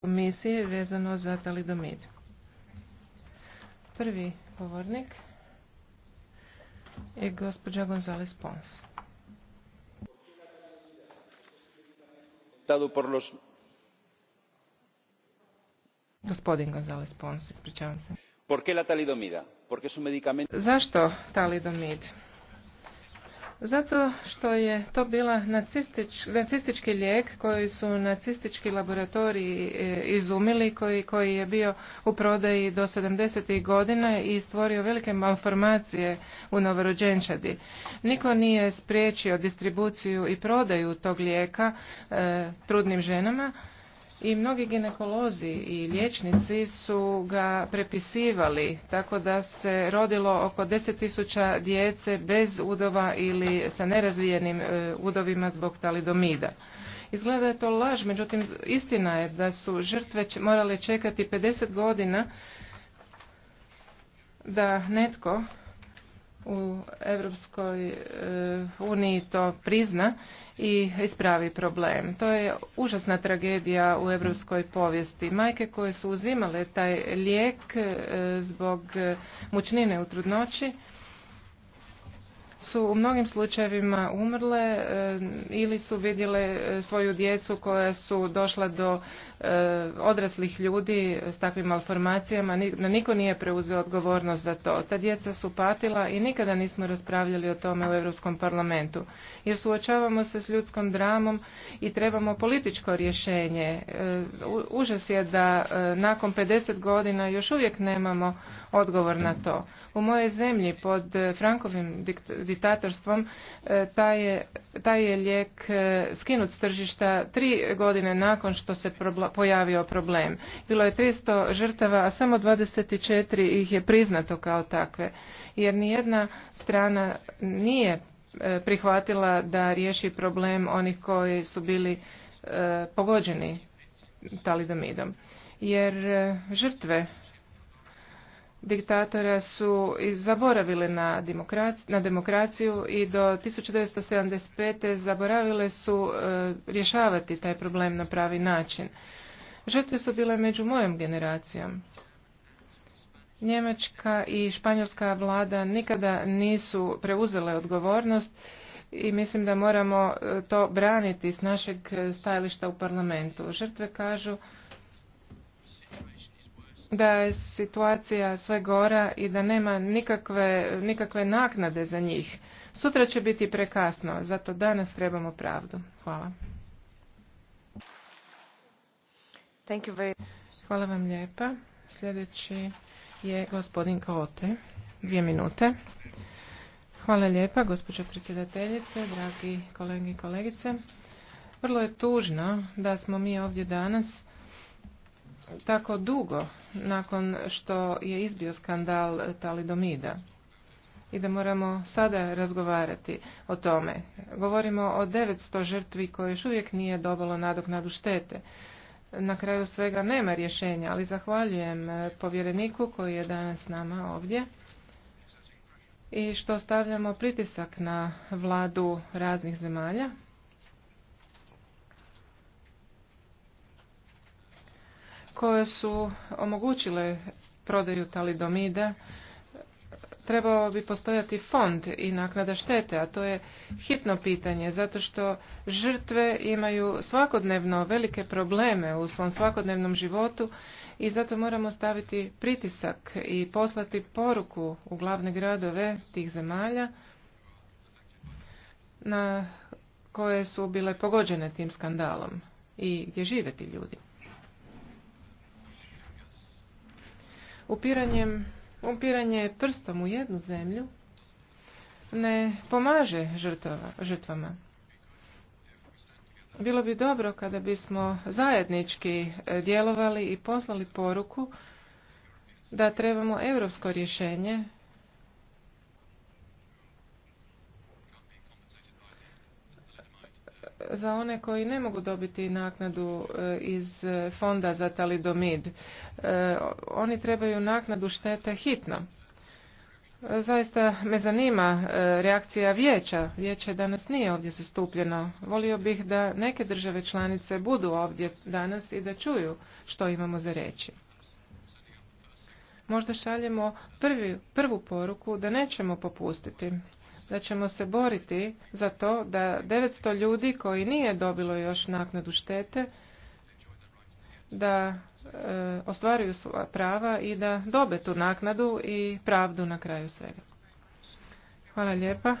komisije vezano za talidomid. Prvi govornik je gospođa González Pons. Gospodin González Pons, ispričavam se. Por Zašto talidomid? Zato što je to bila nacistički lijek koji su nacistički laboratoriji e, izumili, koji, koji je bio u prodaji do 70. godina i stvorio velike malformacije u novorođenčadi. Niko nije spriječio distribuciju i prodaju tog lijeka e, trudnim ženama, i mnogi ginekolozi i liječnici su ga prepisivali, tako da se rodilo oko 10.000 djece bez udova ili sa nerazvijenim e, udovima zbog talidomida. Izgleda je to laž, međutim istina je da su žrtve morale čekati 50 godina da netko u Europskoj e, uniji to prizna i ispravi problem. To je užasna tragedija u europskoj povijesti. Majke koje su uzimale taj lijek e, zbog e, mučnine u trudnoći su u mnogim slučajevima umrle e, ili su vidjele svoju djecu koja su došla do E, odraslih ljudi s takvim malformacijama, na niko nije preuzeo odgovornost za to. Ta djeca su patila i nikada nismo raspravljali o tome u Europskom parlamentu. Jer suočavamo se s ljudskom dramom i trebamo političko rješenje. E, užas je da e, nakon 50 godina još uvijek nemamo odgovor na to. U mojoj zemlji pod Frankovim diktatorstvom taj je, taj je lijek skinut s tržišta tri godine nakon što se pojavio problem. Bilo je 300 žrtava, a samo 24 ih je priznato kao takve, jer nijedna strana nije e, prihvatila da riješi problem onih koji su bili e, pogođeni talidomidom. Jer e, žrtve diktatora su zaboravile na, demokraciju i do 1975. zaboravile su rješavati taj problem na pravi način. Žrtve su bile među mojom generacijom. Njemačka i španjolska vlada nikada nisu preuzele odgovornost i mislim da moramo e, to braniti s našeg e, stajališta u parlamentu. Žrtve kažu da je situacija sve gora i da nema nikakve, nikakve naknade za njih. Sutra će biti prekasno, zato danas trebamo pravdu. Hvala. Thank you very... Hvala vam lijepa. Sljedeći je gospodin Kote. Dvije minute. Hvala lijepa, gospođo predsjedateljice, dragi kolegi i kolegice. Vrlo je tužno da smo mi ovdje danas tako dugo nakon što je izbio skandal talidomida i da moramo sada razgovarati o tome. Govorimo o 900 žrtvi koje još uvijek nije dobilo nadoknadu štete na kraju svega nema rješenja, ali zahvaljujem e, povjereniku koji je danas s nama ovdje i što stavljamo pritisak na vladu raznih zemalja. koje su omogućile prodaju talidomida trebao bi postojati fond i naknada štete, a to je hitno pitanje, zato što žrtve imaju svakodnevno velike probleme u svom svakodnevnom životu i zato moramo staviti pritisak i poslati poruku u glavne gradove tih zemalja na koje su bile pogođene tim skandalom i gdje žive ti ljudi. Upiranjem upiranje prstom u jednu zemlju ne pomaže žrtvama. Bilo bi dobro kada bismo zajednički e, djelovali i poslali poruku da trebamo europsko rješenje za one koji ne mogu dobiti naknadu e, iz e, fonda za talidomid. E, oni trebaju naknadu štete hitno. Zaista me zanima reakcija vijeća. Vijeće danas nije ovdje zastupljeno. Volio bih da neke države članice budu ovdje danas i da čuju što imamo za reći. Možda šaljemo prvi, prvu poruku da nećemo popustiti da ćemo se boriti za to da 900 ljudi koji nije dobilo još naknadu štete da e, ostvaruju svoja prava i da dobe tu naknadu i pravdu na kraju svega. Hvala lijepa.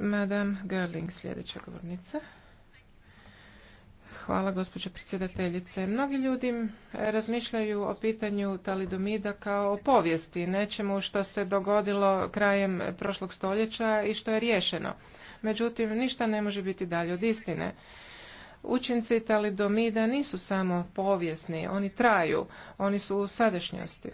Madame Gerling, sljedeća govornica. Hvala, gospođo predsjedateljice. Mnogi ljudi razmišljaju o pitanju talidomida kao o povijesti, nečemu što se dogodilo krajem prošlog stoljeća i što je riješeno. Međutim, ništa ne može biti dalje od istine. Učinci talidomida nisu samo povijesni, oni traju, oni su u sadašnjosti.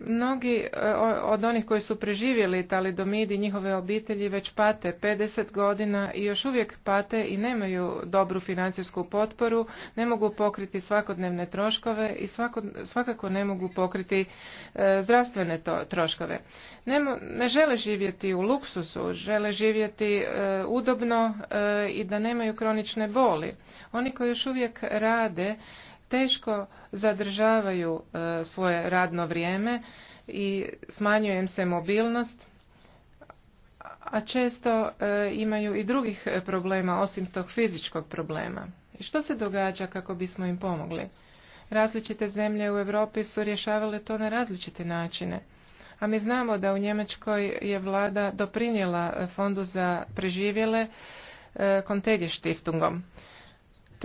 Mnogi e, od onih koji su preživjeli talidomidi i njihove obitelji već pate 50 godina i još uvijek pate i nemaju dobru financijsku potporu, ne mogu pokriti svakodnevne troškove i svakako ne mogu pokriti e, zdravstvene to, troškove. Ne, žele živjeti u luksusu, žele živjeti e, udobno i da nemaju kronične boli. Oni koji još uvijek rade teško zadržavaju e, svoje radno vrijeme i smanjuje im se mobilnost, a često e, imaju i drugih problema osim tog fizičkog problema. I što se događa kako bismo im pomogli? Različite zemlje u Europi su rješavale to na različite načine. A mi znamo da u Njemačkoj je vlada doprinijela fondu za preživjele kontegje e, štiftungom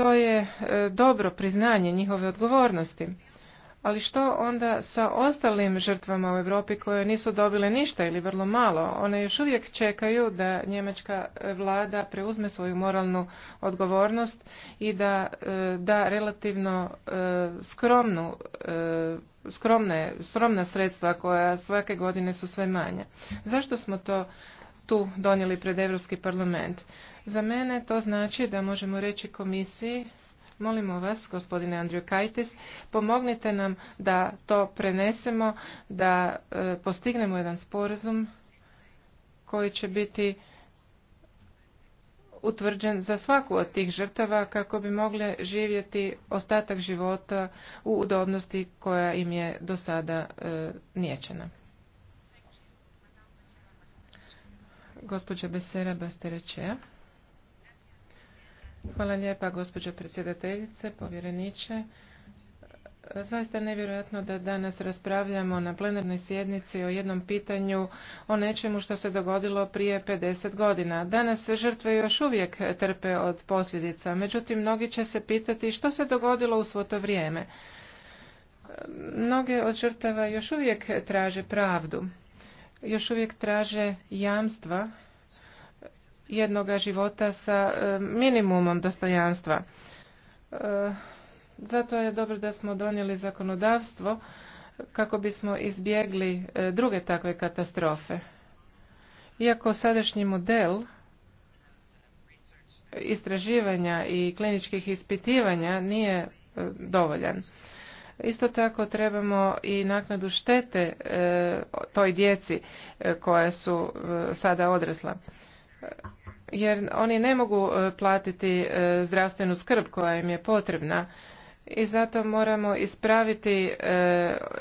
to je e, dobro priznanje njihove odgovornosti. Ali što onda sa ostalim žrtvama u Europi koje nisu dobile ništa ili vrlo malo? One još uvijek čekaju da njemačka e, vlada preuzme svoju moralnu odgovornost i da e, da relativno skromnu skromne, skromna sredstva koja svake godine su sve manja. Zašto smo to tu donijeli pred Europski parlament. Za mene to znači da možemo reći komisiji Molimo vas, gospodine Andriju Kajtis, pomognite nam da to prenesemo, da e, postignemo jedan sporazum koji će biti utvrđen za svaku od tih žrtava kako bi mogle živjeti ostatak života u udobnosti koja im je do sada e, niječena. Gospođa Besera Basterečeja. Hvala lijepa gospođa predsjedateljice, povjereniče. Zaista je nevjerojatno da danas raspravljamo na plenarnoj sjednici o jednom pitanju o nečemu što se dogodilo prije 50 godina. Danas žrtve još uvijek trpe od posljedica, međutim mnogi će se pitati što se dogodilo u svo to vrijeme. Mnoge od žrtava još uvijek traže pravdu još uvijek traže jamstva jednoga života sa e, minimumom dostojanstva. E, zato je dobro da smo donijeli zakonodavstvo kako bismo izbjegli e, druge takve katastrofe. Iako sadašnji model istraživanja i kliničkih ispitivanja nije dovoljan. Isto tako trebamo i naknadu štete e, toj djeci e, koja su e, sada odrasla jer oni ne mogu platiti zdravstvenu skrb koja im je potrebna i zato moramo ispraviti,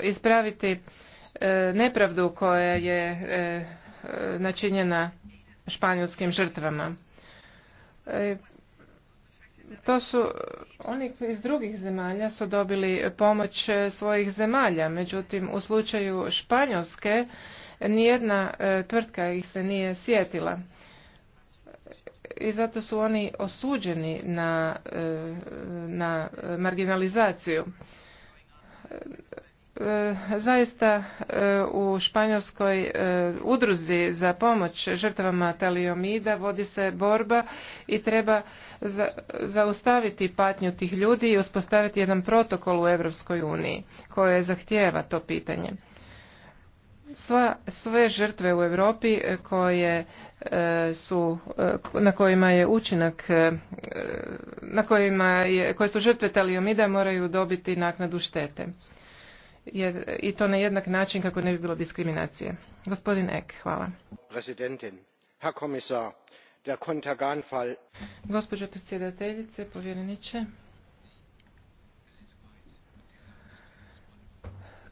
ispraviti nepravdu koja je načinjena španjolskim žrtvama to su oni iz drugih zemalja su dobili pomoć svojih zemalja međutim u slučaju španjolske nijedna e, tvrtka ih se nije sjetila i zato su oni osuđeni na, e, na marginalizaciju E, zaista e, u španjolskoj e, udruzi za pomoć žrtvama taliomida vodi se borba i treba zaustaviti patnju tih ljudi i uspostaviti jedan protokol u Europskoj uniji koje zahtijeva to pitanje. Sva, sve žrtve u Europi koje su na kojima je učinak na kojima je, koje su žrtve talijomida moraju dobiti naknadu štete jer i to na jednak način kako ne bi bilo diskriminacije. Gospodin Ek, hvala. Herr Gospođo predsjedateljice, povjereniče,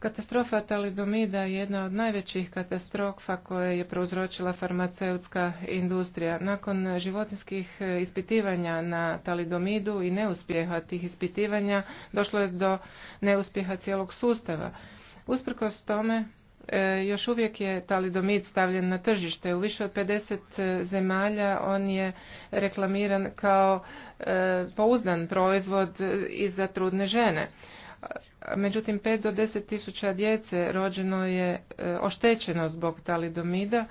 Katastrofa talidomida je jedna od najvećih katastrofa koje je prouzročila farmaceutska industrija. Nakon životinskih ispitivanja na talidomidu i neuspjeha tih ispitivanja došlo je do neuspjeha cijelog sustava. Usprkos tome, e, još uvijek je talidomid stavljen na tržište. U više od 50 zemalja on je reklamiran kao e, pouzdan proizvod i za trudne žene. Međutim, 5 do 10 tisuća djece rođeno je e, oštećeno zbog talidomida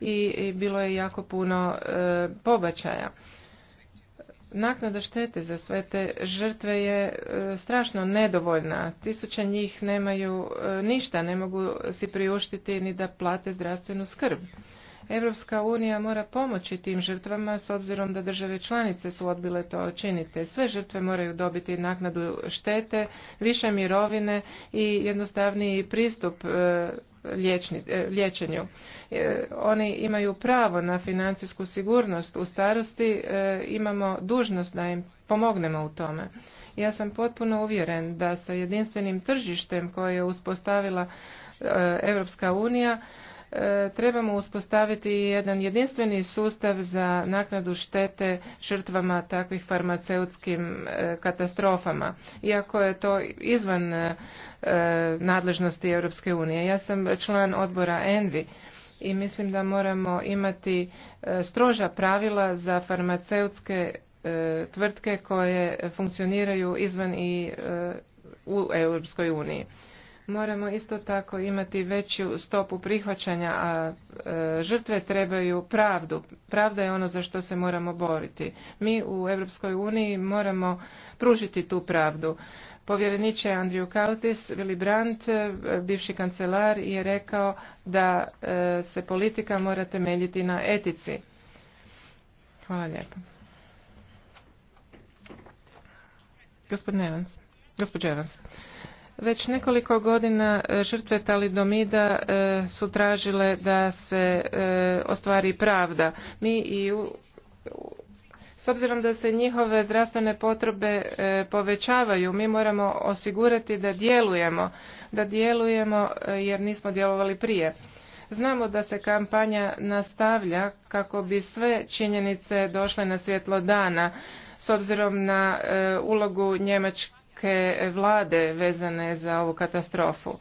i bilo je jako puno e, pobačaja. Naknada štete za sve te žrtve je e, strašno nedovoljna. Tisuće njih nemaju ništa, ne mogu si priuštiti ni da plate zdravstvenu skrb. Europska unija mora pomoći tim žrtvama s obzirom da države članice su odbile to činiti. Sve žrtve moraju dobiti naknadu štete, više mirovine i jednostavniji pristup e, e, liječenju. E, oni imaju pravo na financijsku sigurnost u starosti, imamo dužnost da im pomognemo u tome. Ja sam potpuno uvjeren da sa jedinstvenim tržištem koje je uspostavila Europska unija trebamo uspostaviti jedan jedinstveni sustav za naknadu štete žrtvama takvih farmaceutskim e, katastrofama, iako je to izvan e, nadležnosti Europske unije. Ja sam član odbora ENVI i mislim da moramo imati e, stroža pravila za farmaceutske tvrtke koje funkcioniraju izvan i u Europskoj uniji. Moramo isto tako imati veću stopu prihvaćanja, a e, žrtve trebaju pravdu. Pravda je ono za što se moramo boriti. Mi u Europskoj uniji moramo pružiti tu pravdu. Povjereniče Andriju Kautis, Willy Brandt, e, bivši kancelar, je rekao da e, se politika mora temeljiti na etici. Hvala lijepo. Gospodin Nevans, Evans. Već nekoliko godina e, žrtve talidomida e, su tražile da se e, ostvari pravda. Mi i s obzirom da se njihove zdravstvene potrebe povećavaju, mi moramo osigurati da djelujemo, da djelujemo jer nismo djelovali prije. Znamo da se kampanja nastavlja kako bi sve činjenice došle na svjetlo dana s obzirom na ulogu njemačke vlade vezane za ovu katastrofu.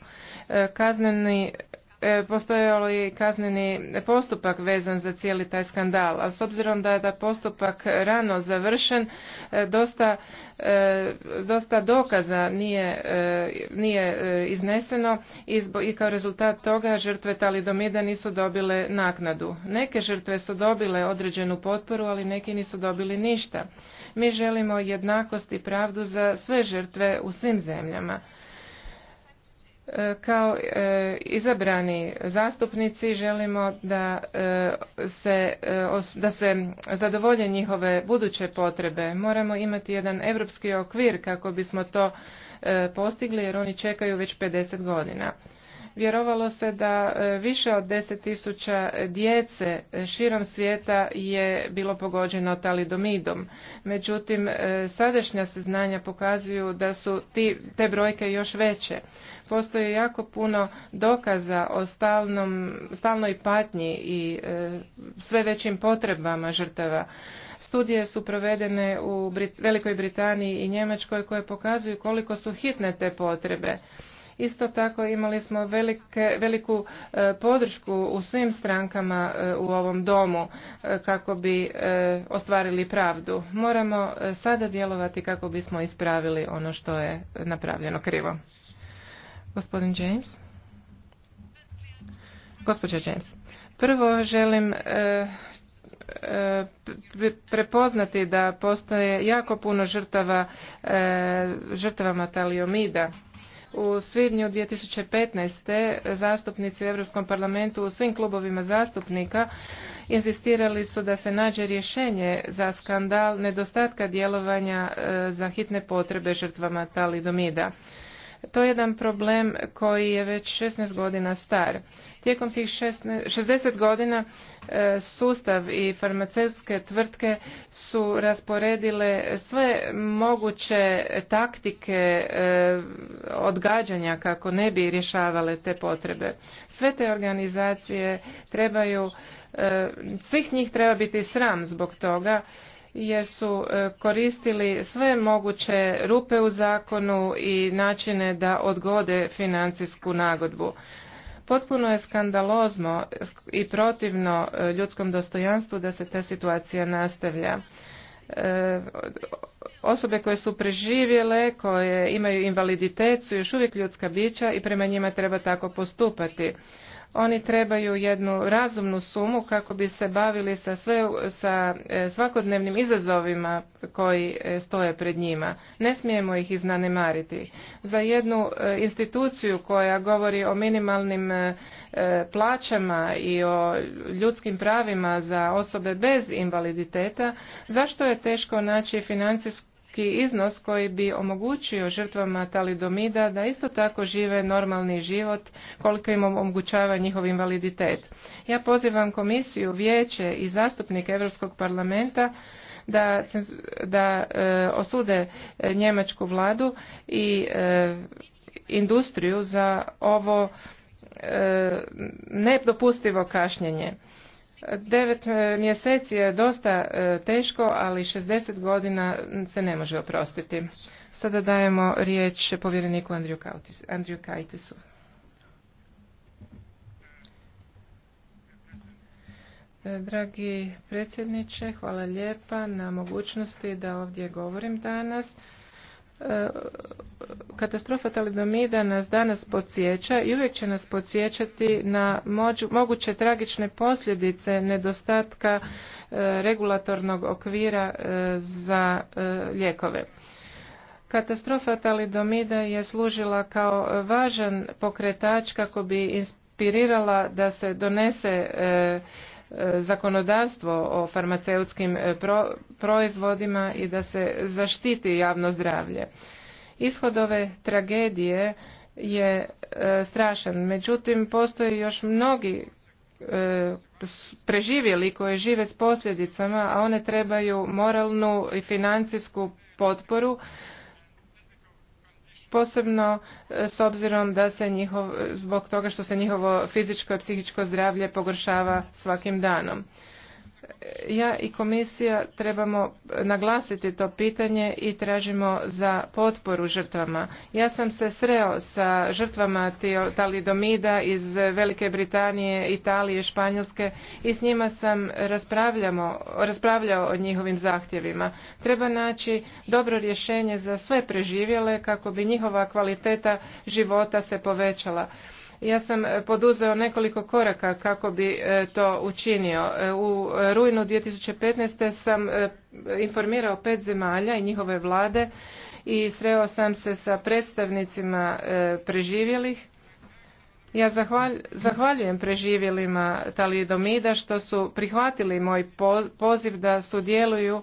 E, kazneni E, postojalo i kazneni postupak vezan za cijeli taj skandal, a s obzirom da je da postupak rano završen, e, dosta, e, dosta dokaza nije, nije izneseno i, i kao rezultat toga žrtve talidomida nisu dobile naknadu. Neke žrtve su dobile određenu potporu, ali neki nisu dobili ništa. Mi želimo jednakost i pravdu za sve žrtve u svim zemljama. E, kao e, izabrani zastupnici želimo da e, se, da se zadovolje njihove buduće potrebe. Moramo imati jedan europski okvir kako bismo to postigli jer oni čekaju već 50 godina. Vjerovalo se da više od 10.000 djece širom svijeta je bilo pogođeno talidomidom. Međutim, sadašnja se znanja pokazuju da su te brojke još veće postoji jako puno dokaza o stalnom, stalnoj patnji i e, sve većim potrebama žrtava. Studije su provedene u Velikoj Britaniji i Njemačkoj koje pokazuju koliko su hitne te potrebe. Isto tako imali smo velike, veliku e, podršku u svim strankama e, u ovom domu kako bi ostvarili pravdu. Moramo sada djelovati kako bismo ispravili ono što je napravljeno krivo. Gospodin James. Gospođa James. Prvo želim e, e, prepoznati da postoje jako puno žrtava e, žrtvama taliomida U svibnju 2015. zastupnici u Europskom parlamentu u svim klubovima zastupnika inzistirali su da se nađe rješenje za skandal nedostatka djelovanja za hitne potrebe žrtvama talidomida. To je jedan problem koji je već 16 godina star. Tijekom tih 60 godina e, sustav i farmaceutske tvrtke su rasporedile sve moguće taktike e, odgađanja kako ne bi rješavale te potrebe. Sve te organizacije trebaju, e, svih njih treba biti sram zbog toga jer su e, koristili sve moguće rupe u zakonu i načine da odgode financijsku nagodbu. Potpuno je skandalozno i protivno e, ljudskom dostojanstvu da se ta situacija nastavlja. E, osobe koje su preživjele, koje imaju invaliditet su još uvijek ljudska bića i prema njima treba tako postupati. Oni trebaju jednu razumnu sumu kako bi se bavili sa, sve, sa e, svakodnevnim izazovima koji e, stoje pred njima. Ne smijemo ih iznanemariti. Za jednu e, instituciju koja govori o minimalnim plaćama i o ljudskim pravima za osobe bez invaliditeta, zašto je teško naći financijsku iznos koji bi omogućio žrtvama talidomida da isto tako žive normalni život koliko im omogućava njihov invaliditet. Ja pozivam komisiju, vijeće i zastupnike Europskog parlamenta da, da e, osude e, njemačku vladu i e, industriju za ovo nedopustivo kašnjenje. Devet e, mjeseci je dosta e, teško, ali 60 godina se ne može oprostiti. Sada dajemo riječ povjereniku Andriju, Andriju Kajtisu. E, dragi predsjedniče, hvala lijepa na mogućnosti da ovdje govorim danas. E, katastrofa talidomida nas danas podsjeća i uvijek će nas podsjećati na moguće tragične posljedice nedostatka e, regulatornog okvira e, za lijekove. Katastrofa talidomida je služila kao važan pokretač kako bi inspirirala da se donese zakonodavstvo o farmaceutskim e, proizvodima i da se zaštiti javno zdravlje. Ishod ove tragedije je e, strašan, međutim postoji još mnogi e, preživjeli koji žive s posljedicama, a one trebaju moralnu i financijsku potporu posebno e, s obzirom da se njihov, zbog toga što se njihovo fizičko i psihičko zdravlje pogoršava svakim danom ja i komisija trebamo naglasiti to pitanje i tražimo za potporu žrtvama. Ja sam se sreo sa žrtvama talidomida iz Velike Britanije, Italije, Španjolske i s njima sam raspravljao o njihovim zahtjevima. Treba naći dobro rješenje za sve preživjele kako bi njihova kvaliteta života se povećala. Ja sam e, poduzeo nekoliko koraka kako bi e, to učinio. E, u rujnu 2015. sam informirao pet zemalja i njihove vlade i sreo sam se sa predstavnicima preživjelih. Ja zahvaljujem preživjelima talidomida što su prihvatili moj poziv da sudjeluju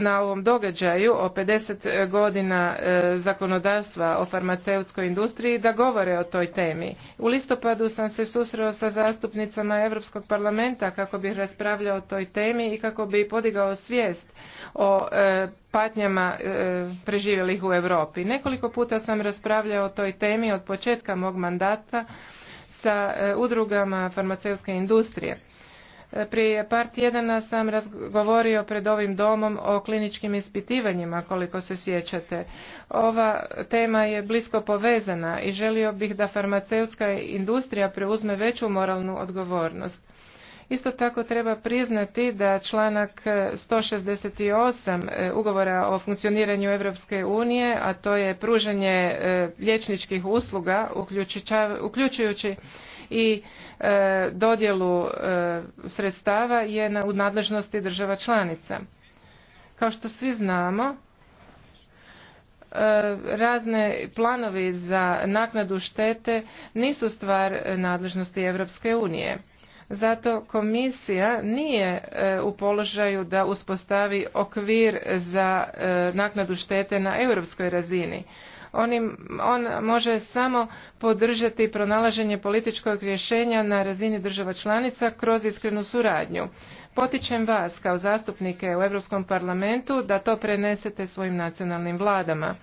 na ovom događaju o 50 godina e, zakonodavstva o farmaceutskoj industriji da govore o toj temi. U listopadu sam se susreo sa zastupnicama Europskog parlamenta kako bih raspravljao o toj temi i kako bi podigao svijest o e, patnjama e, preživjelih u Europi. Nekoliko puta sam raspravljao o toj temi od početka mog mandata sa udrugama farmaceutske industrije. Prije par tjedana sam razgovorio pred ovim domom o kliničkim ispitivanjima, koliko se sjećate. Ova tema je blisko povezana i želio bih da farmaceutska industrija preuzme veću moralnu odgovornost. Isto tako treba priznati da članak 168 e, ugovora o funkcioniranju Europske unije, a to je pružanje e, liječničkih usluga uključujući i e, dodjelu e, sredstava je u nadležnosti država članica. Kao što svi znamo, e, razne planovi za naknadu štete nisu stvar nadležnosti Europske unije. Zato komisija nije u položaju da uspostavi okvir za naknadu štete na europskoj razini on, on može samo podržati pronalaženje političkog rješenja na razini država članica kroz iskrenu suradnju. Potičem vas kao zastupnike u Europskom parlamentu da to prenesete svojim nacionalnim vladama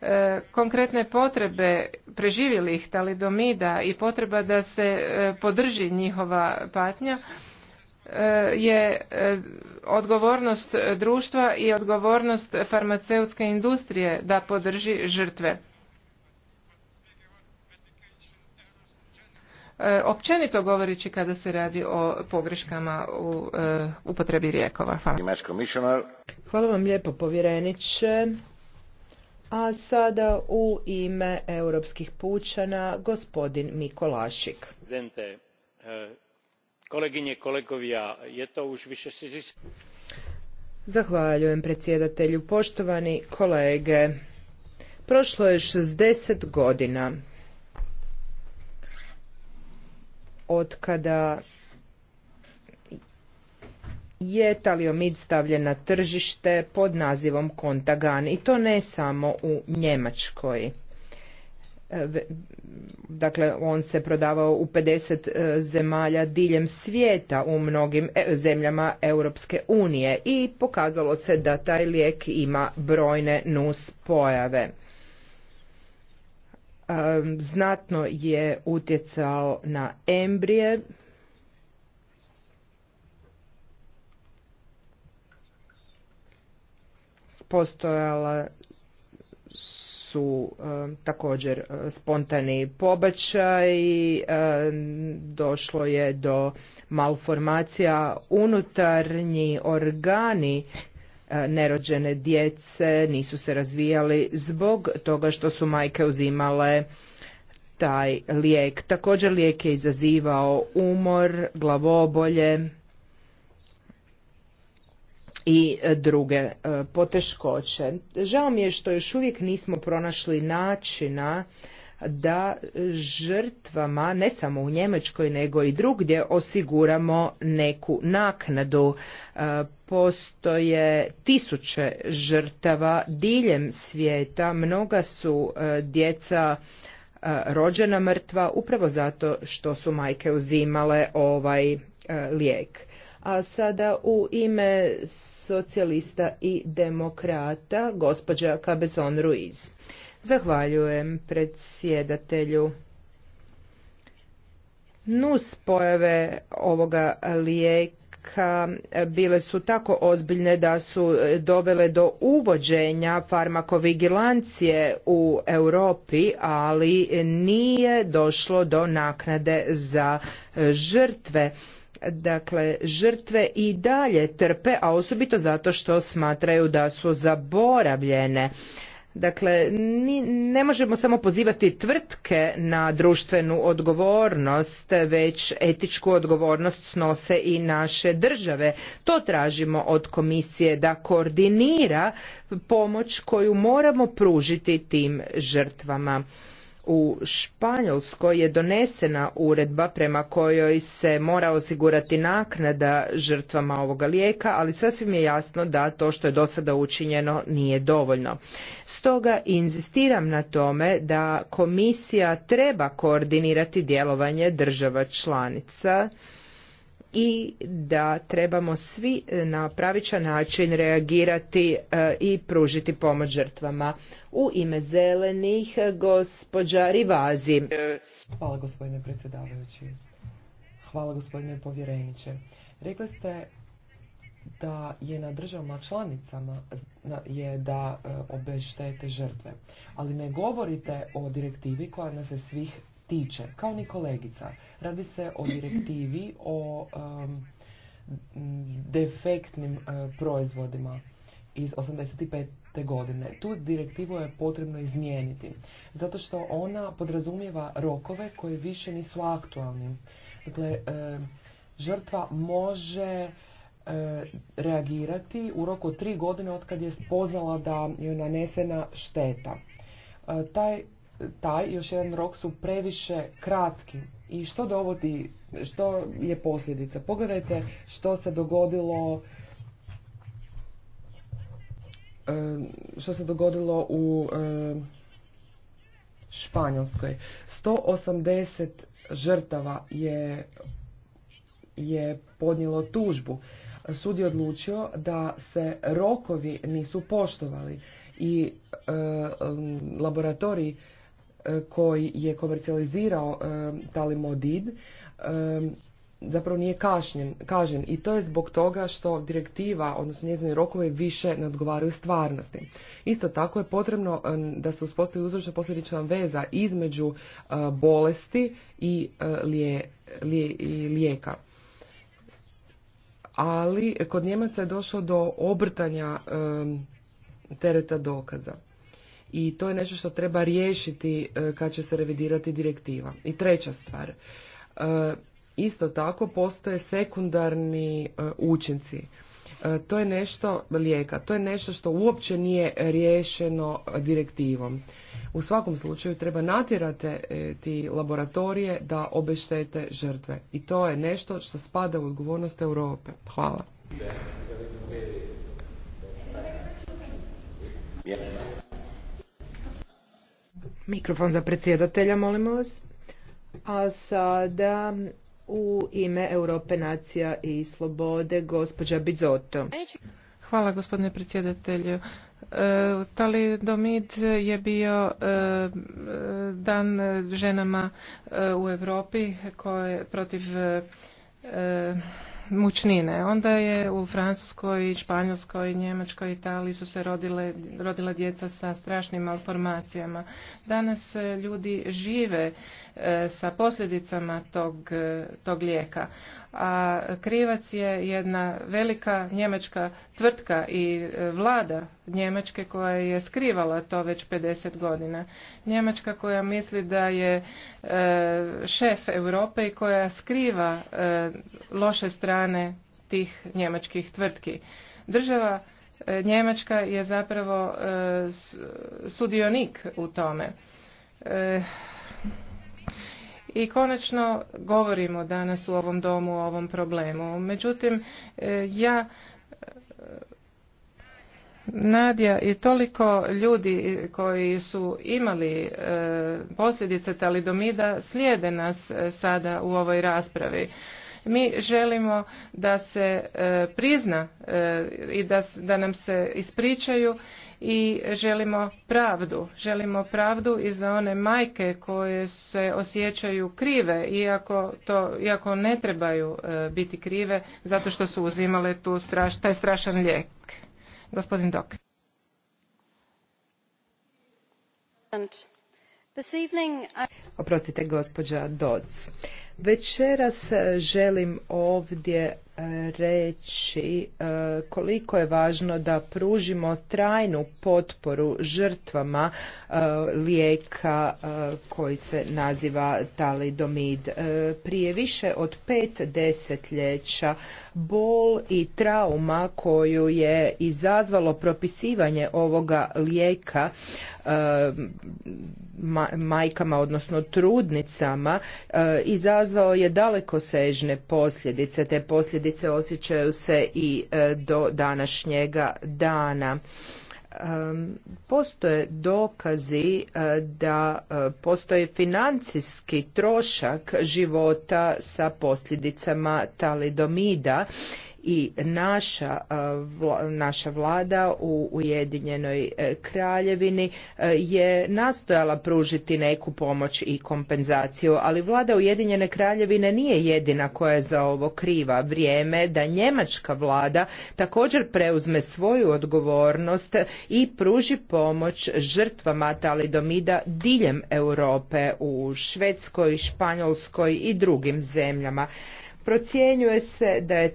e, konkretne potrebe preživjelih talidomida i potreba da se e, podrži njihova patnja Eh, je eh, odgovornost društva i odgovornost farmaceutske industrije da podrži žrtve. Eh, općenito govoreći kada se radi o pogreškama u upotrebi rijekova. Hvala. vam lijepo povjereniče. A sada u ime europskih pučana gospodin Mikolašik je to Zahvaljujem predsjedatelju. Poštovani kolege, prošlo je 60 godina otkada je taliomid stavljen na tržište pod nazivom Kontagan i to ne samo u Njemačkoj. E, dakle on se prodavao u 50 e, zemalja diljem svijeta u mnogim e, zemljama Europske unije i pokazalo se da taj lijek ima brojne nus pojave. Znatno je utjecao na embrije, postojala su e, također e, spontani pobačaj, e, došlo je do malformacija, unutarnji organi nerođene djece nisu se razvijali zbog toga što su majke uzimale taj lijek. Također lijek je izazivao umor, glavobolje, i e, druge e, poteškoće. Žao mi je što još uvijek nismo pronašli načina da žrtvama, ne samo u Njemačkoj nego i drugdje, osiguramo neku naknadu. E, postoje tisuće žrtava diljem svijeta, mnoga su djeca rođena mrtva upravo zato što su majke uzimale ovaj lijek. A sada u ime socijalista i demokrata, gospođa Cabezon Ruiz. Zahvaljujem predsjedatelju. Nus pojave ovoga lijeka bile su tako ozbiljne da su dovele do uvođenja farmakovigilancije u Europi, ali nije došlo do naknade za žrtve Dakle, žrtve i dalje trpe, a osobito zato što smatraju da su zaboravljene. Dakle, ne možemo samo pozivati tvrtke na društvenu odgovornost, već etičku odgovornost snose i naše države. To tražimo od komisije da koordinira pomoć koju moramo pružiti tim žrtvama. U Španjolskoj je donesena uredba prema kojoj se mora osigurati naknada žrtvama ovoga lijeka, ali sasvim je jasno da to što je do sada učinjeno nije dovoljno. Stoga inzistiram na tome da komisija treba koordinirati djelovanje država članica i da trebamo svi e, na pravičan način reagirati e, i pružiti pomoć žrtvama. U ime zelenih, e, gospođa Rivazi. Hvala gospodine predsjedavajući. Hvala gospodine povjereniče. Rekli ste da je na državama članicama je da obeštete žrtve. Ali ne govorite o direktivi koja nas je svih tiče, kao ni kolegica. Radi se o direktivi, o defektnim e, proizvodima iz 85. godine. Tu direktivu je potrebno izmijeniti, zato što ona podrazumijeva rokove koji više nisu aktualni. Dakle, e, žrtva može e, reagirati u roku tri godine od kad je spoznala da je nanesena šteta. Taj taj još jedan rok su previše kratki i što dovodi, što je posljedica. Pogledajte što se dogodilo e, što se dogodilo u e, Španjolskoj. 180 žrtava je, je podnijelo tužbu. Sud je odlučio da se rokovi nisu poštovali i e, laboratoriji koji je komercijalizirao e, talimodid e, zapravo nije kašnjen, kažen i to je zbog toga što direktiva, odnosno njezini rokove više ne odgovaraju stvarnosti. Isto tako je potrebno e, da se uspostavi uzročno posljedična veza između bolesti i, lije, i lijeka. Ali kod Njemaca je došlo do obrtanja tereta dokaza i to je nešto što treba riješiti e, kad će se revidirati direktiva. I treća stvar, e, isto tako postoje sekundarni e, učinci. To je nešto lijeka, to je nešto što uopće nije riješeno direktivom. U svakom slučaju treba natjerati ti laboratorije da obeštete žrtve. I to je nešto što spada u odgovornost Europe. Hvala. Mikrofon za predsjedatelja, molimo vas. A sada u ime Europe nacija i slobode, gospođa Bizoto. Hvala gospodine predsjedatelju. E, Talidomid je bio e, dan ženama e, u Europi koje protiv mučnine. Onda je u Francuskoj, Španjolskoj, Njemačkoj, Italiji su se rodile, rodila djeca sa strašnim malformacijama. Danas eh, ljudi žive E, sa posljedicama tog, e, tog lijeka. A krivac je jedna velika njemačka tvrtka i e, vlada Njemačke koja je skrivala to već 50 godina. Njemačka koja misli da je šef Europe i koja skriva loše strane tih njemačkih tvrtki. Država Njemačka je zapravo sudionik u tome i konačno govorimo danas u ovom domu o ovom problemu. Međutim, e, ja e, Nadja i toliko ljudi koji su imali e, posljedice talidomida slijede nas sada u ovoj raspravi. Mi želimo da se prizna i da nam se ispričaju i želimo pravdu. Želimo pravdu i za one majke koje se osjećaju krive, iako, to, iako ne trebaju e, biti krive zato što su uzimale tu straš, taj strašan lijek. Gospodin Dok. Oprostite, gospođa Dodds. Večeras e, želim ovdje e, reći e, koliko je važno da pružimo trajnu potporu žrtvama lijeka koji se naziva talidomid. Prije više od pet desetljeća bol i trauma koju je izazvalo propisivanje ovoga lijeka majkama odnosno trudnicama izazvalo izazvao je dalekosežne posljedice. Te posljedice osjećaju se i e, do današnjega dana. Postoje dokazi e, da e, postoji financijski trošak života sa posljedicama talidomida i naša, naša vlada u Ujedinjenoj e, kraljevini e, je nastojala pružiti neku pomoć i kompenzaciju, ali vlada Ujedinjene kraljevine nije jedina koja za ovo kriva. Vrijeme da njemačka vlada također preuzme svoju odgovornost i pruži pomoć žrtvama talidomida diljem Europe u Švedskoj, Španjolskoj i drugim zemljama. Procjenjuje se da je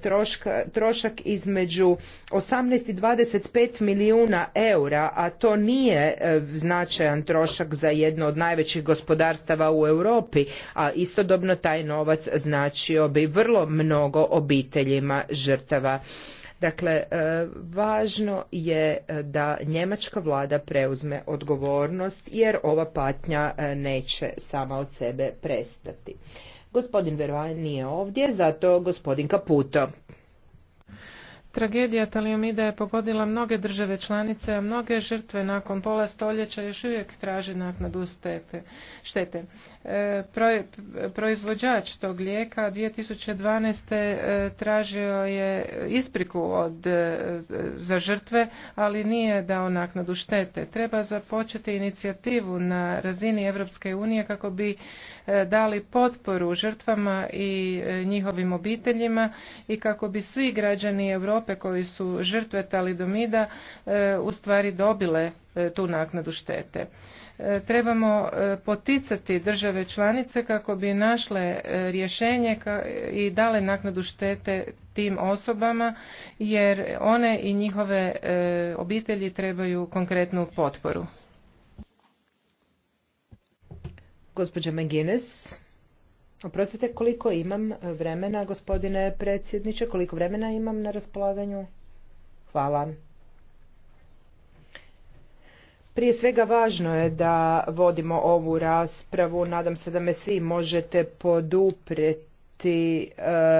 trošak između 18 i 25 milijuna eura, a to nije e, značajan trošak za jedno od najvećih gospodarstava u Europi, a istodobno taj novac značio bi vrlo mnogo obiteljima žrtava. Dakle, e, važno je e, da njemačka vlada preuzme odgovornost jer ova patnja neće sama od sebe prestati. Gospodin Veroan nije ovdje, zato gospodin Kaputo. Tragedija talijomida je pogodila mnoge države članice, a mnoge žrtve nakon pola stoljeća još uvijek traže naknadu štete. E, proizvođač tog lijeka 2012. E, tražio je ispriku od, e, za žrtve, ali nije dao naknadu štete. Treba započeti inicijativu na razini Europske unije kako bi dali potporu žrtvama i njihovim obiteljima i kako bi svi građani EU Europe koji su žrtve talidomida e, u stvari dobile e, tu naknadu štete. E, trebamo poticati države članice kako bi našle rješenje i dale naknadu štete tim osobama jer one i njihove obitelji trebaju konkretnu potporu. Gospođa McGuinness. Oprostite, koliko imam e, vremena, gospodine predsjedniče, koliko vremena imam na raspolaganju? Hvala. Prije svega važno je da vodimo ovu raspravu. Nadam se da me svi možete poduprijeti biti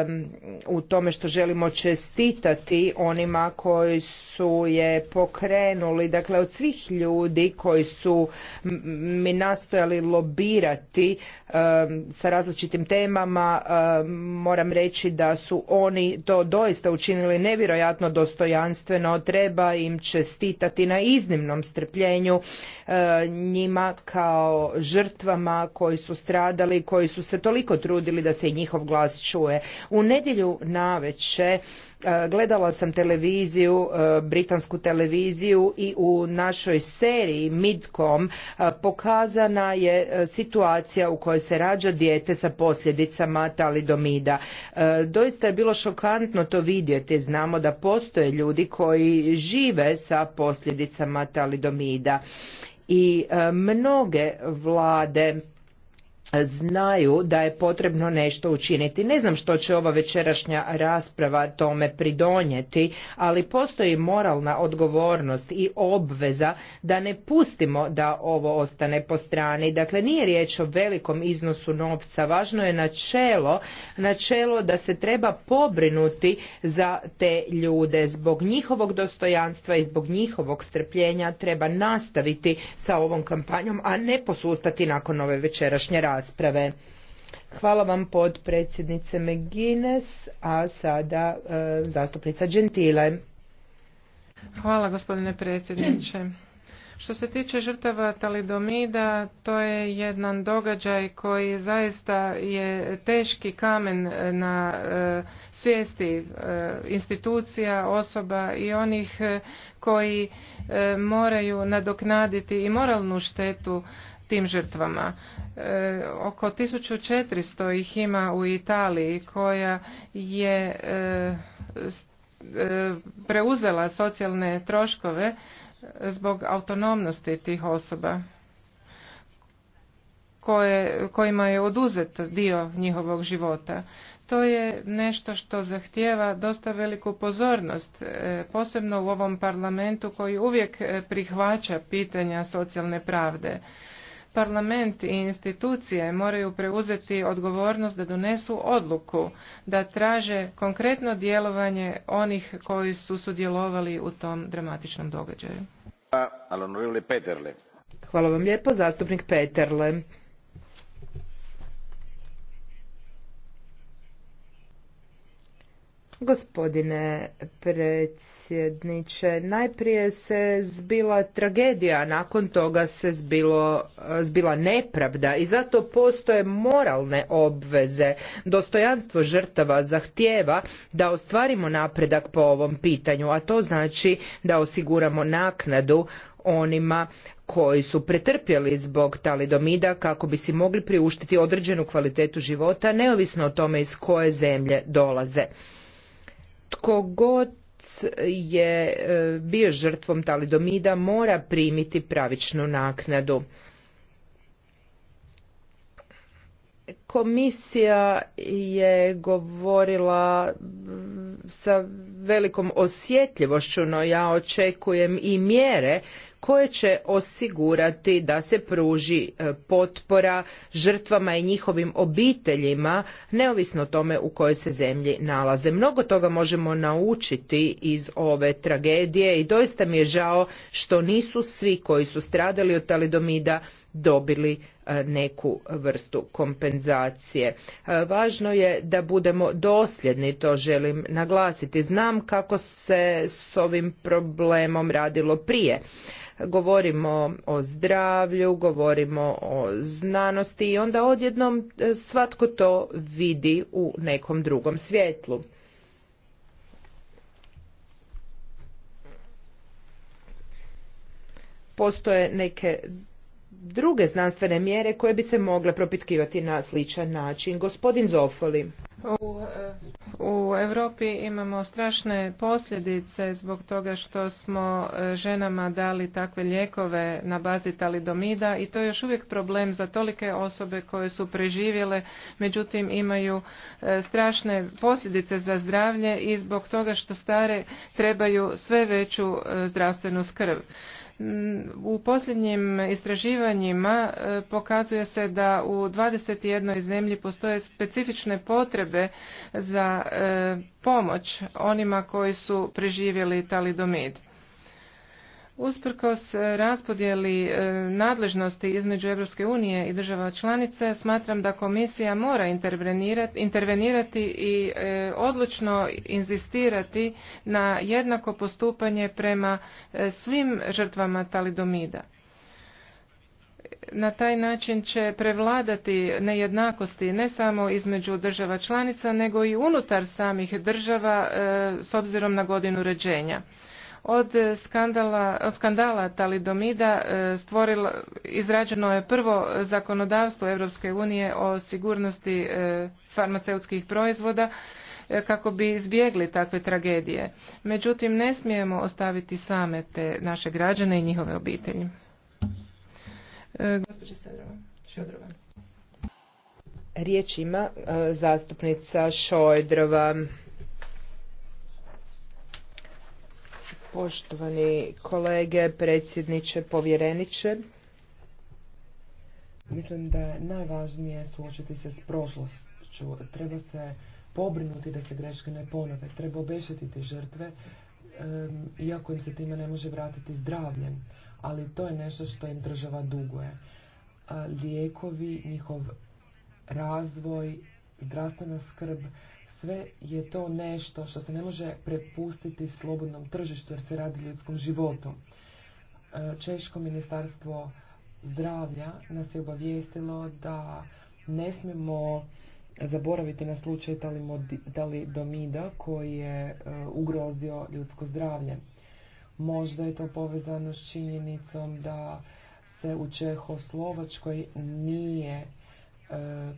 um, u tome što želimo čestitati onima koji su je pokrenuli. Dakle, od svih ljudi koji su mi nastojali lobirati sa različitim temama, moram reći da su oni to doista učinili nevjerojatno dostojanstveno. Treba im čestitati na iznimnom strpljenju njima kao žrtvama koji su stradali, koji su se toliko trudili da se i njihov glas čuje. U nedjelju naveče e, gledala sam televiziju, e, britansku televiziju i u našoj seriji Midcom e, pokazana je situacija u kojoj se rađa dijete sa posljedicama talidomida. Doista je bilo šokantno to vidjeti. Znamo da postoje ljudi koji žive sa posljedicama talidomida i mnoge vlade znaju da je potrebno nešto učiniti. Ne znam što će ova večerašnja rasprava tome pridonijeti, ali postoji moralna odgovornost i obveza da ne pustimo da ovo ostane po strani. Dakle, nije riječ o velikom iznosu novca, važno je načelo, načelo da se treba pobrinuti za te ljude. Zbog njihovog dostojanstva i zbog njihovog strpljenja treba nastaviti sa ovom kampanjom, a ne posustati nakon ove večerašnje rasprave rasprave. Hvala vam podpredsjednice Megines, a sada e, zastupnica Gentile. Hvala gospodine predsjedniče. Što se tiče žrtava talidomida, to je jedan događaj koji zaista je teški kamen na e, svijesti e, institucija, osoba i onih e, koji moraju nadoknaditi i moralnu štetu tim žrtvama. E, oko 1400 ih ima u Italiji koja je preuzela socijalne troškove zbog autonomnosti tih osoba kojima je oduzet dio njihovog života. To je nešto što zahtjeva dosta veliku pozornost, e, posebno u ovom parlamentu koji uvijek e, prihvaća pitanja socijalne pravde. Parlament i institucije moraju preuzeti odgovornost da donesu odluku, da traže konkretno djelovanje onih koji su sudjelovali u tom dramatičnom događaju. Hvala vam lijepo, zastupnik Peterle. Gospodine predsjedniče, najprije se zbila tragedija, nakon toga se zbilo, zbila nepravda i zato postoje moralne obveze. Dostojanstvo žrtava zahtjeva da ostvarimo napredak po ovom pitanju, a to znači da osiguramo naknadu onima koji su pretrpjeli zbog talidomida kako bi si mogli priuštiti određenu kvalitetu života neovisno o tome iz koje zemlje dolaze tko god je e, bio žrtvom talidomida mora primiti pravičnu naknadu. Komisija je govorila sa velikom osjetljivošću, no ja očekujem i mjere koje će osigurati da se pruži e, potpora žrtvama i njihovim obiteljima neovisno o tome u kojoj se zemlji nalaze. Mnogo toga možemo naučiti iz ove tragedije i doista mi je žao što nisu svi koji su stradali od talidomida dobili e, neku vrstu kompenzacije. E, važno je da budemo dosljedni, to želim naglasiti. Znam kako se s ovim problemom radilo prije govorimo o zdravlju, govorimo o znanosti i onda odjednom e, svatko to vidi u nekom drugom svjetlu. Postoje neke druge znanstvene mjere koje bi se mogle propitkivati na sličan način. Gospodin Zofoli. U, eh, u Europi imamo strašne posljedice zbog toga što smo eh, ženama dali takve lijekove na bazi talidomida i to je još uvijek problem za tolike osobe koje su preživjele, međutim imaju eh, strašne posljedice za zdravlje i zbog toga što stare trebaju sve veću zdravstvenu skrb. Mm, u posljednjim istraživanjima e, pokazuje se da u 21. zemlji postoje specifične potrebe za e, pomoć onima koji su preživjeli talidomid. Usprkos e, raspodjeli e, nadležnosti između Europske unije i država članice, smatram da komisija mora intervenirati i e, odlučno inzistirati na jednako postupanje prema svim žrtvama talidomida. Na taj način će prevladati nejednakosti ne samo između država članica, nego i unutar samih država s obzirom na godinu ređenja. Od skandala, od skandala talidomida e, stvorilo, izrađeno je prvo zakonodavstvo Europske unije o sigurnosti e, farmaceutskih proizvoda e, kako bi izbjegli takve tragedije. Međutim, ne smijemo ostaviti same te naše građane i njihove obitelji. Riječ ima zastupnica Šojdrova. Poštovani kolege, predsjedniče, povjereniče, mislim da je najvažnije suočiti se s prošlošću. Treba se pobrinuti da se greške ne ponove. Treba te žrtve, iako im se time ne može vratiti zdravljem. Ali to je nešto što im država duguje. Lijekovi, njihov razvoj, zdravstvena skrb, sve je to nešto što se ne može prepustiti slobodnom tržištu jer se radi ljudskom životu. E, Češko ministarstvo zdravlja nas je obavijestilo da ne smijemo zaboraviti na slučaj talidomida koji je e, ugrozio ljudsko zdravlje. Možda je to povezano s činjenicom da se u Čeho-Slovačkoj nije e,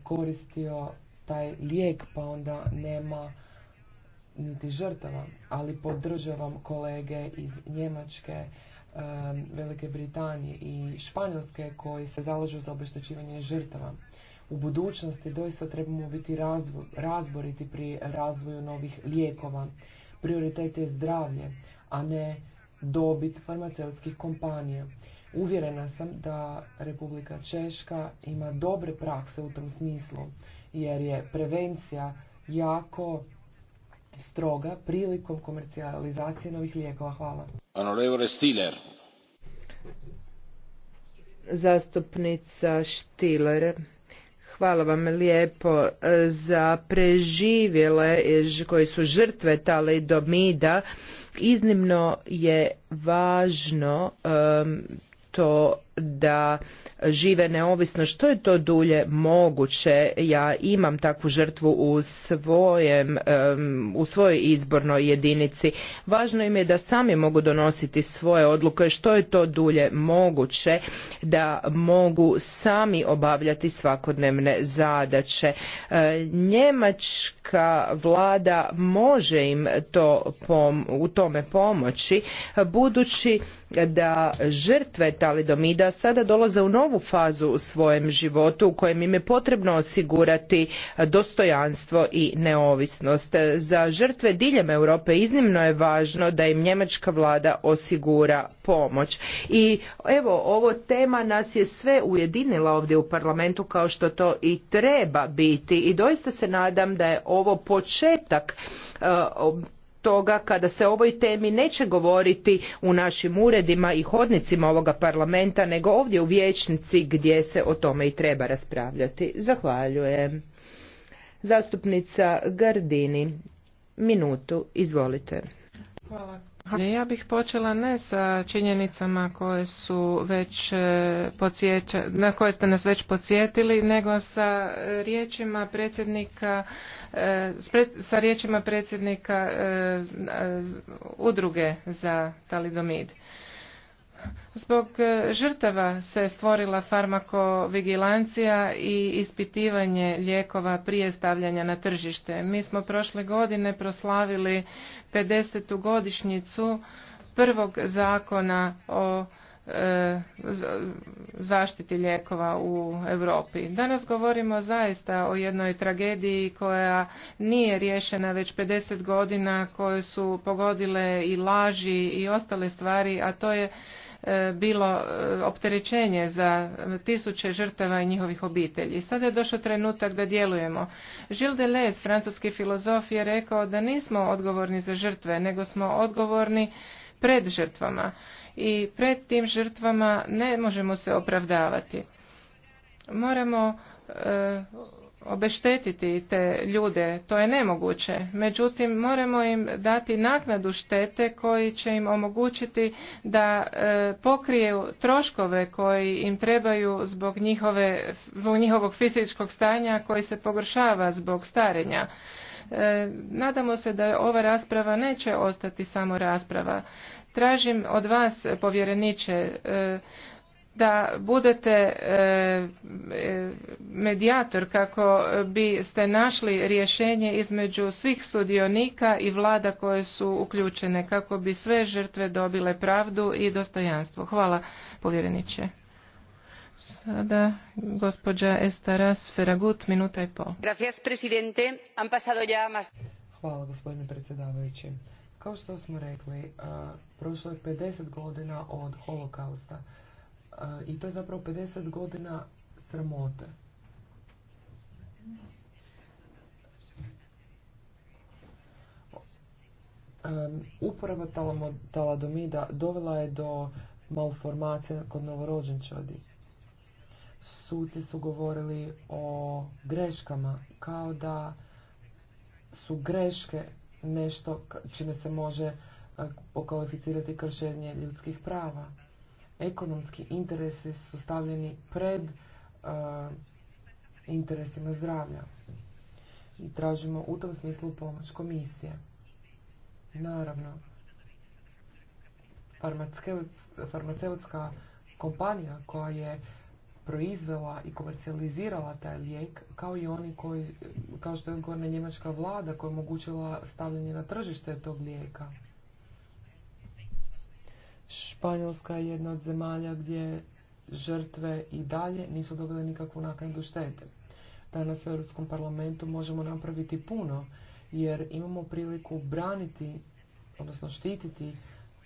koristio taj lijek, pa onda nema niti žrtava, ali podržavam kolege iz Njemačke, Velike Britanije i Španjolske koji se zalažu za obeštećivanje žrtava. U budućnosti doista trebamo biti razboriti pri razvoju novih lijekova. Prioritet je zdravlje, a ne dobit farmaceutskih kompanija. Uvjerena sam da Republika Češka ima dobre prakse u tom smislu jer je prevencija jako stroga prilikom komercijalizacije novih lijekova. Hvala. Zastupnica Stiller. Hvala vam lijepo za preživjele koji su žrtve talidomida. Iznimno je važno um, to da žive neovisno što je to dulje moguće ja imam takvu žrtvu u svojem u svojoj izbornoj jedinici važno im je da sami mogu donositi svoje odluke što je to dulje moguće da mogu sami obavljati svakodnevne zadaće e, njemačka vlada može im to u tome pomoći budući da žrtve talidomida sada dolaze u novu fazu u svojem životu u kojem im je potrebno osigurati e, dostojanstvo i neovisnost. E, za žrtve diljem Europe iznimno je važno da im njemačka vlada osigura pomoć. I evo, ovo tema nas je sve ujedinila ovdje u parlamentu kao što to i treba biti i doista se nadam da je ovo početak e, toga kada se o ovoj temi neće govoriti u našim uredima i hodnicima ovoga parlamenta nego ovdje u vijećnici gdje se o tome i treba raspravljati. Zahvaljujem. Zastupnica Gardini, minutu, izvolite. Hvala. Ja bih počela ne sa činjenicama koje su već e, podsjeća, na koje ste nas već podsjetili, nego sa riječima predsjednika e, sa riječima predsjednika e, udruge za talidomid. Zbog e, žrtava se stvorila farmakovigilancija i ispitivanje lijekova prije stavljanja na tržište. Mi smo prošle godine proslavili 50. godišnjicu prvog zakona o e, zaštiti lijekova u Europi. Danas govorimo zaista o jednoj tragediji koja nije riješena već 50 godina koje su pogodile i laži i ostale stvari, a to je E, bilo e, opterećenje za tisuće žrtava i njihovih obitelji. Sada je došao trenutak da djelujemo. Gilles Deleuze, francuski filozof, je rekao da nismo odgovorni za žrtve, nego smo odgovorni pred žrtvama. I pred tim žrtvama ne možemo se opravdavati. Moramo e, obeštetiti te ljude, to je nemoguće. Međutim, moramo im dati naknadu štete koji će im omogućiti da e, pokriju troškove koji im trebaju zbog, njihove, njihovog fizičkog stanja koji se pogoršava zbog starenja. E, nadamo se da ova rasprava neće ostati samo rasprava. Tražim od vas, povjereniče, e, da budete e, e, medijator kako biste našli rješenje između svih sudionika i vlada koje su uključene kako bi sve žrtve dobile pravdu i dostojanstvo. Hvala povjereniče. Sada gospođa Estaras Feragut, minuta i pol. Hvala gospodine predsjedavajući. Kao što smo rekli, prošlo je 50 godina od holokausta. E, i to je zapravo 50 godina sramote. E, uporaba taladomida dovela je do malformacija kod novorođenčadi. Suci su govorili o greškama kao da su greške nešto čime se može e, okvalificirati kršenje ljudskih prava ekonomski interesi su stavljeni pred e, interesima zdravlja. I tražimo u tom smislu pomoć komisije. Naravno, farmaceutska kompanija koja je proizvela i komercijalizirala taj lijek, kao i oni koji, kao što je odgovorna njemačka vlada koja je omogućila stavljanje na tržište tog lijeka. Španjolska je jedna od zemalja gdje žrtve i dalje nisu dobile nikakvu naknadu štete. Danas u Europskom parlamentu možemo napraviti puno, jer imamo priliku braniti, odnosno štititi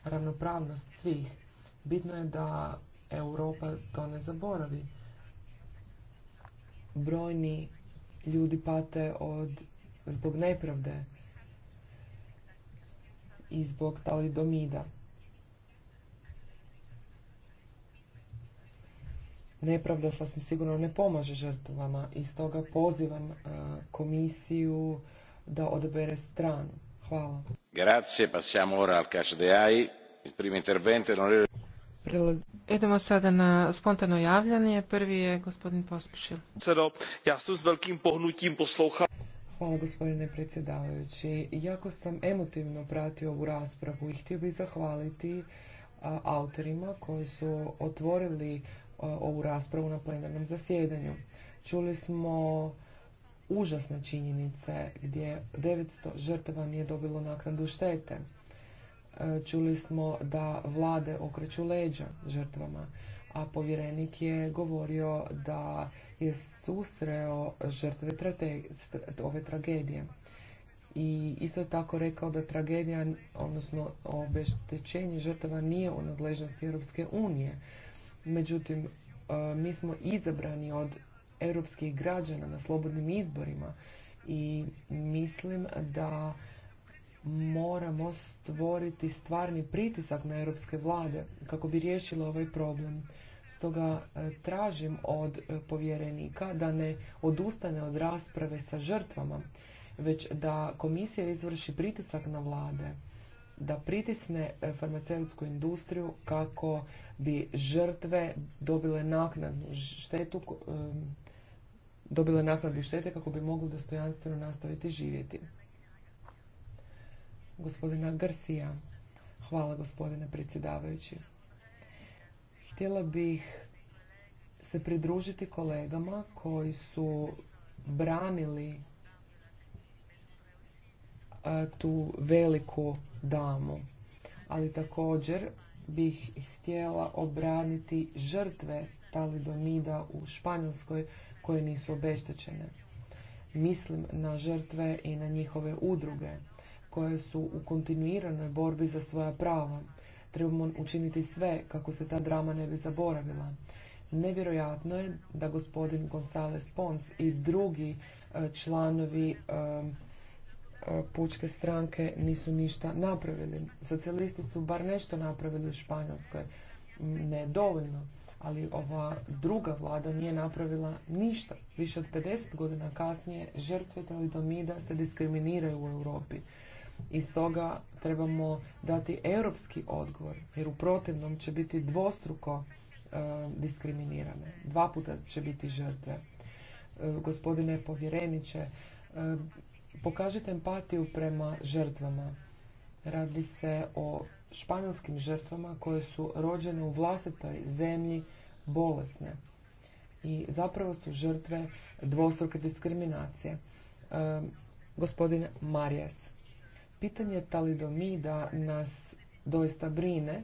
ravnopravnost svih. Bitno je da Europa to ne zaboravi. Brojni ljudi pate od, zbog nepravde i zbog talidomida. Nepravda sasvim sigurno ne pomaže žrtvama i stoga pozivam e, komisiju da odabere stranu. Hvala. Idemo sada na spontano javljanje. Prvi je gospodin Pospišil. Ja sam s Hvala gospodine predsjedavajući. Jako sam emotivno pratio ovu raspravu i htio bih zahvaliti autorima koji su otvorili ovu raspravu na plenarnom zasjedanju. Čuli smo užasne činjenice gdje 900 žrtava nije dobilo naknadu štete. E, čuli smo da vlade okreću leđa žrtvama, a povjerenik je govorio da je susreo žrtve ove tragedije. I isto je tako rekao da tragedija, odnosno obeštećenje žrtava nije u nadležnosti Europske unije Međutim, e, mi smo izabrani od europskih građana na slobodnim izborima i mislim da moramo stvoriti stvarni pritisak na europske vlade kako bi riješile ovaj problem. Stoga e, tražim od povjerenika da ne odustane od rasprave sa žrtvama, već da komisija izvrši pritisak na vlade da pritisne e, farmaceutsku industriju kako bi žrtve dobile naknadnu štetu dobile naknadu štete kako bi mogli dostojanstveno nastaviti živjeti. Gospodina Garcia, hvala gospodine predsjedavajući. Htjela bih se pridružiti kolegama koji su branili tu veliku damu. Ali također bih htjela obraniti žrtve talidomida u Španjolskoj koje nisu obeštećene. Mislim na žrtve i na njihove udruge koje su u kontinuiranoj borbi za svoja prava. Trebamo učiniti sve kako se ta drama ne bi zaboravila. Nevjerojatno je da gospodin Gonzales Pons i drugi e, članovi e, E, pučke stranke nisu ništa napravili. Socijalisti su bar nešto napravili u Španjolskoj, ne dovoljno, ali ova druga vlada nije napravila ništa. Više od 50 godina kasnije žrtve talidomida se diskriminiraju u Europi. I stoga trebamo dati europski odgovor, jer u protivnom će biti dvostruko e, diskriminirane. Dva puta će biti žrtve. E, gospodine povjereniče, e, pokažite empatiju prema žrtvama. Radi se o španjolskim žrtvama koje su rođene u vlastitoj zemlji bolesne i zapravo su žrtve dvostruke diskriminacije. E, gospodin Marijas, pitanje talidomida nas doista brine e,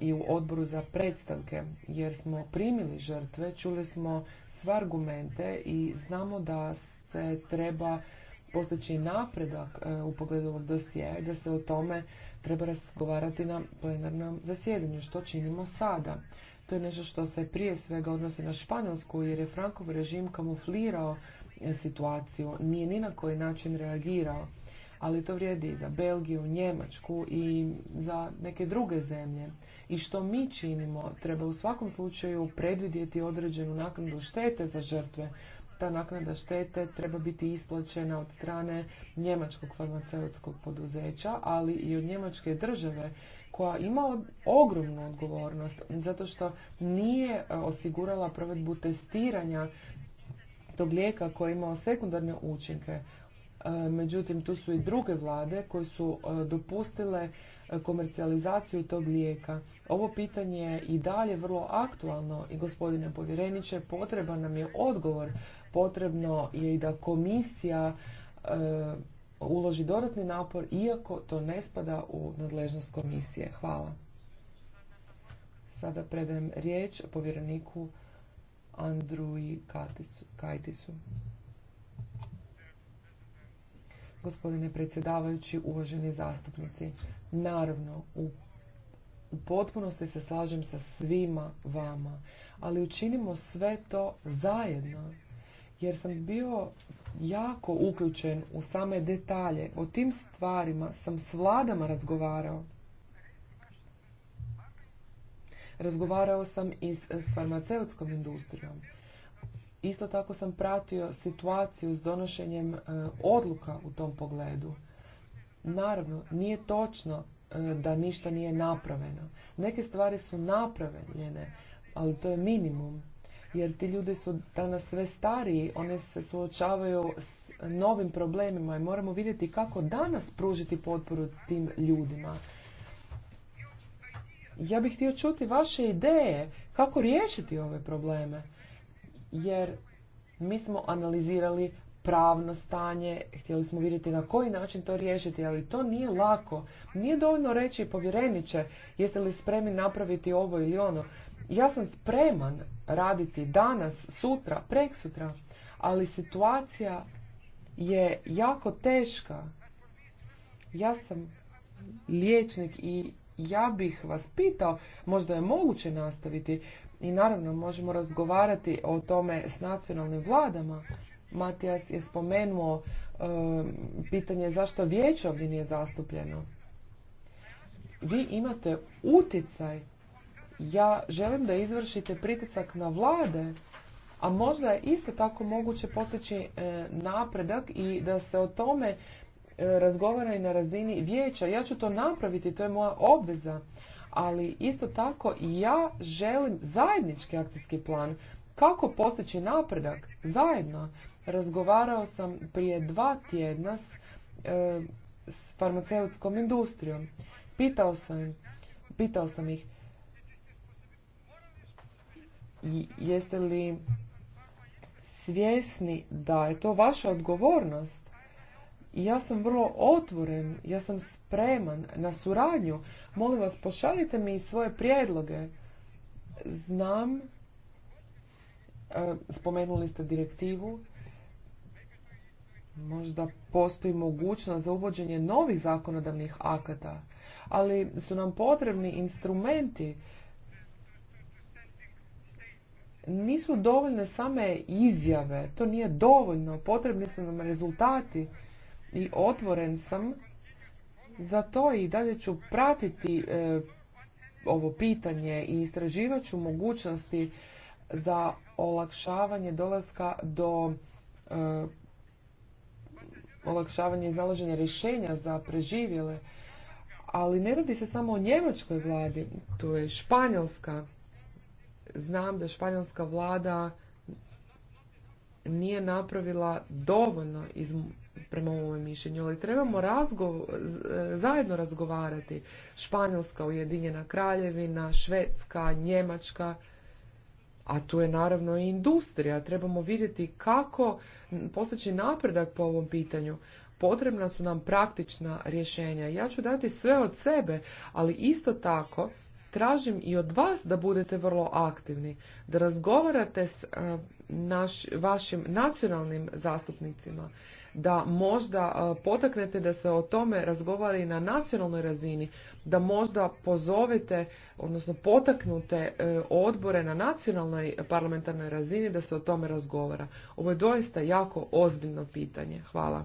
i u odboru za predstavke, jer smo primili žrtve, čuli smo sve argumente i znamo da se treba postići napredak e, u pogledu ovog da se o tome treba razgovarati na plenarnom zasjedanju, što činimo sada. To je nešto što se prije svega odnosi na Španjolsku jer je Frankov režim kamuflirao e, situaciju, nije ni na koji način reagirao, ali to vrijedi i za Belgiju, Njemačku i za neke druge zemlje. I što mi činimo, treba u svakom slučaju predvidjeti određenu naknadu štete za žrtve, ta naknada štete treba biti isplaćena od strane njemačkog farmaceutskog poduzeća, ali i od njemačke države koja ima ogromnu odgovornost zato što nije e, osigurala provedbu testiranja tog lijeka koji je imao sekundarne učinke E, međutim tu su i druge vlade koje su e, dopustile e, komercijalizaciju tog lijeka. Ovo pitanje je i dalje vrlo aktualno i gospodine povjereniče potreban nam je odgovor. Potrebno je i da komisija uloži dodatni napor iako to ne spada u nadležnost komisije. Hvala. Sada predajem riječ povjereniku Andruji Kajtisu gospodine predsjedavajući, uvaženi zastupnici. Naravno, u u potpunosti se slažem sa svima vama, ali učinimo sve to zajedno, jer sam bio jako uključen u same detalje. O tim stvarima sam s vladama razgovarao. Razgovarao sam i s farmaceutskom industrijom. Isto tako sam pratio situaciju s donošenjem e, odluka u tom pogledu. Naravno, nije točno e, da ništa nije napravljeno. Neke stvari su napravljene, ali to je minimum. Jer ti ljudi su danas sve stariji, one se suočavaju s novim problemima i moramo vidjeti kako danas pružiti potporu tim ljudima. Ja bih htio čuti vaše ideje kako riješiti ove probleme jer mi smo analizirali pravno stanje, htjeli smo vidjeti na koji način to riješiti, ali to nije lako. Nije dovoljno reći povjereniče, jeste li spremni napraviti ovo ili ono. Ja sam spreman raditi danas, sutra, preksutra, ali situacija je jako teška. Ja sam liječnik i ja bih vas pitao, možda je moguće nastaviti, i naravno možemo razgovarati o tome s nacionalnim vladama. Matijas je spomenuo um, pitanje zašto vijeće ovdje nije zastupljeno. Vi imate uticaj. Ja želim da izvršite pritisak na vlade, a možda je isto tako moguće postići e, napredak i da se o tome e, razgovara i na razini vijeća. Ja ću to napraviti, to je moja obveza ali isto tako i ja želim zajednički akcijski plan. Kako postići napredak? Zajedno. Razgovarao sam prije dva tjedna s, e, s farmaceutskom industrijom. Pitao sam, pitao sam ih jeste li svjesni da je to vaša odgovornost? Ja sam vrlo otvoren, ja sam spreman na suradnju Molim vas, pošaljite mi svoje prijedloge. Znam, e, spomenuli ste direktivu, možda postoji mogućnost za uvođenje novih zakonodavnih akata, ali su nam potrebni instrumenti. Nisu dovoljne same izjave, to nije dovoljno, potrebni su nam rezultati i otvoren sam zato i dalje ću pratiti e, ovo pitanje i istraživat ću mogućnosti za olakšavanje dolaska do e, olakšavanja i rješenja za preživjele. Ali ne radi se samo o njemačkoj vladi, to je španjolska. Znam da španjolska vlada nije napravila dovoljno iz prema ovom mišljenju, ali trebamo razgo, e, zajedno razgovarati. Španjolska, Ujedinjena kraljevina, Švedska, Njemačka, a tu je naravno i industrija. Trebamo vidjeti kako postaći napredak po ovom pitanju. Potrebna su nam praktična rješenja. Ja ću dati sve od sebe, ali isto tako tražim i od vas da budete vrlo aktivni, da razgovarate s e, vašim nacionalnim zastupnicima da možda potaknete da se o tome razgovara i na nacionalnoj razini, da možda pozovete, odnosno potaknute e, odbore na nacionalnoj parlamentarnoj razini da se o tome razgovara. Ovo je doista jako ozbiljno pitanje. Hvala.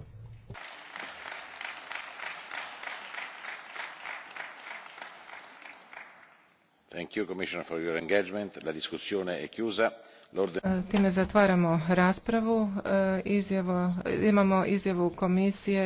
Thank you, Commissioner, for your engagement. La discussione è chiusa. E, time zatvaramo raspravu. E, imamo izjavu komisije